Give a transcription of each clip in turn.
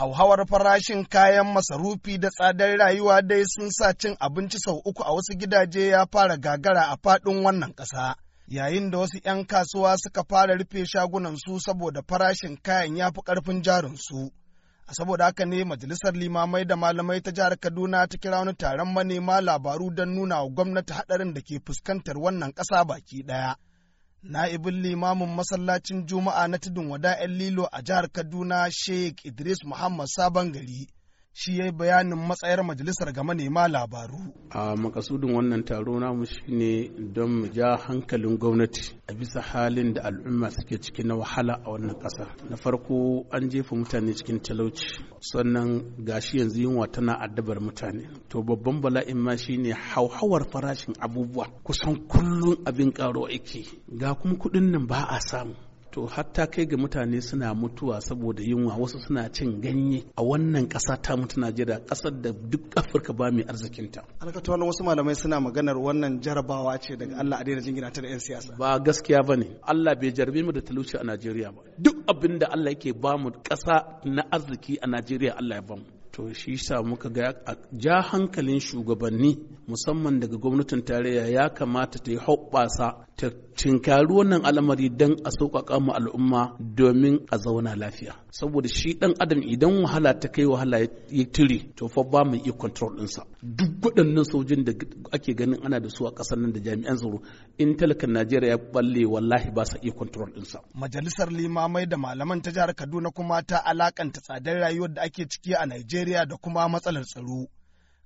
hauhawar farashin kayan masarufi da tsadar rayuwa dai sun sa cin abinci sau uku a wasu gidaje ya fara gagara a faɗin wannan ƙasa. Yayin da wasu 'yan kasuwa suka fara rufe shagunansu saboda farashin kayan ya fi ƙarfin jarinsu. A saboda haka ne Majalisar Limamai da Malamai ta Jihar Kaduna ta kira wani taron manema labaru don nuna wa gwamnati haɗarin da ke fuskantar wannan ƙasa baki ɗaya. Na'ibin limamin masallacin Juma'a na tudun 'yan lilo a jihar Kaduna Sheikh Idris Muhammad Sabon Gari shi ya bayanin matsayar majalisar ga manema labaru. A makasudin wannan taro namu shine don mu ja hankalin gwamnati a bisa halin da al'umma suke ciki na wahala a wannan ƙasa. Na farko an jefa mutane cikin talauci sannan gashi yanzu yunwa tana addabar mutane. To babban bala'in ma shine hauhawar farashin abubuwa kusan kullum abin ƙaro ake ga kuma kuɗin nan ba a samu. to hatta kai ga mutane suna mutuwa saboda yunwa wasu suna cin ganye a wannan ƙasa ta mutu najeriya ƙasar da duk afirka ba mai arzikinta Alkatuwa na wasu malamai suna maganar wannan jarabawa ce daga allah a daina jingina ta da 'yan siyasa ba gaskiya ba ne allah bai jarabe mu da talauci a najeriya ba duk abin da allah yake ba mu ƙasa na arziki a najeriya allah ya bamu to shi sa muka ga ja hankalin shugabanni musamman daga gwamnatin tarayya ya kamata ta yi hoɓɓasa ta cinkari wannan al'amari don a sauƙaƙa mu al'umma domin a zauna lafiya saboda shi ɗan adam idan wahala ta kai wahala ya tire to fa ba mu iya control ɗinsa duk waɗannan sojin da ake ganin ana da su a ƙasar nan da jami'an tsaro in talakan najeriya ya balle wallahi ba sa iya control ɗinsa majalisar limamai da malaman ta jihar kaduna kuma ta alakanta tsadar rayuwar da ake ciki a najeriya Najeriya da kuma matsalar tsaro.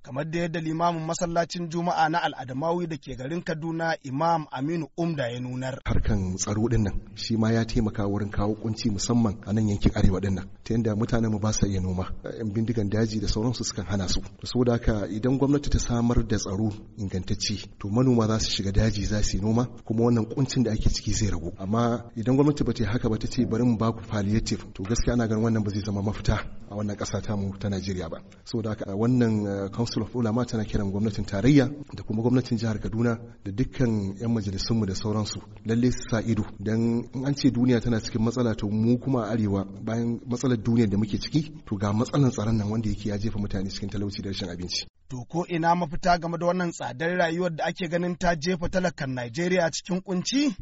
kamar da yadda limamin masallacin juma'a na al'adamawi da ke garin kaduna imam aminu umda ya nunar harkan tsaro din nan shi ma ya taimaka wurin kawo kunci musamman a nan yankin arewa din nan ta yadda mutanen mu ba sa iya noma yan bindigan daji da sauransu sukan hana su saboda haka idan gwamnati ta samar da tsaro ingantacce to manoma za su shiga daji za su yi noma kuma wannan kuncin da ake ciki zai ragu amma idan gwamnati ba ta haka ba ta ce bari mu ba ku palliative to gaskiya ana ganin wannan ba zai zama mafita a wannan ta mu ta Najeriya ba saboda haka wannan eh, council council ulama tana kiran gwamnatin tarayya da kuma gwamnatin jihar kaduna da dukkan 'yan majalisunmu da sauransu lalle su sa ido don in an ce duniya tana cikin matsala to mu kuma a arewa bayan matsalar duniyar da muke ciki to ga matsalar tsaron nan wanda yake ya jefa mutane cikin talauci da rashin abinci To ko ina mafita game da wannan tsadar rayuwar da ake ganin ta jefa talakan Najeriya cikin kunci?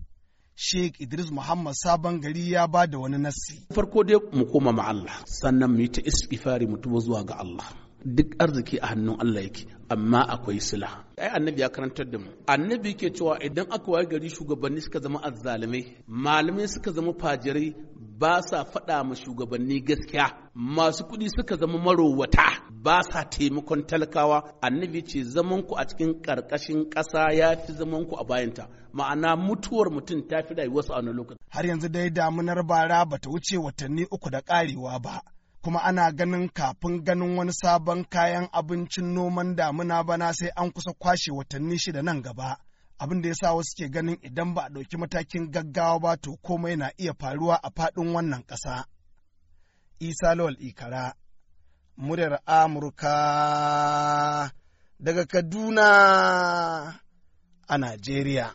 Sheikh Idris Muhammad Sabon gari ya ba da wani nassi. Farko dai mu koma ma Allah, sannan mu yi ta isfifari mu tuba zuwa ga Allah. duk arziki a hannun Allah yake amma akwai sila ai annabi ya karantar da mu annabi ke cewa idan aka waye gari shugabanni suka zama azzalumai malamai suka zama fajirai ba sa faɗa ma shugabanni gaskiya masu kuɗi suka zama marowata ba sa taimakon talakawa annabi ce zaman ku a cikin ƙarƙashin ƙasa ya fi zaman ku a bayanta ma'ana mutuwar mutum ta fi rayuwarsa a wani lokaci har yanzu dai damunar bara bata wuce watanni uku da ƙarewa ba kuma ana ganin kafin ganin wani sabon kayan abincin noman damuna bana sai an kusa kwashe watanni shida nan gaba. Abin da ya sa wasu ke ganin idan ba a ɗauki matakin gaggawa ba to komai na iya faruwa a faɗin wannan ƙasa. Isa Lawal Ikara, muryar Amurka daga Kaduna a Najeriya.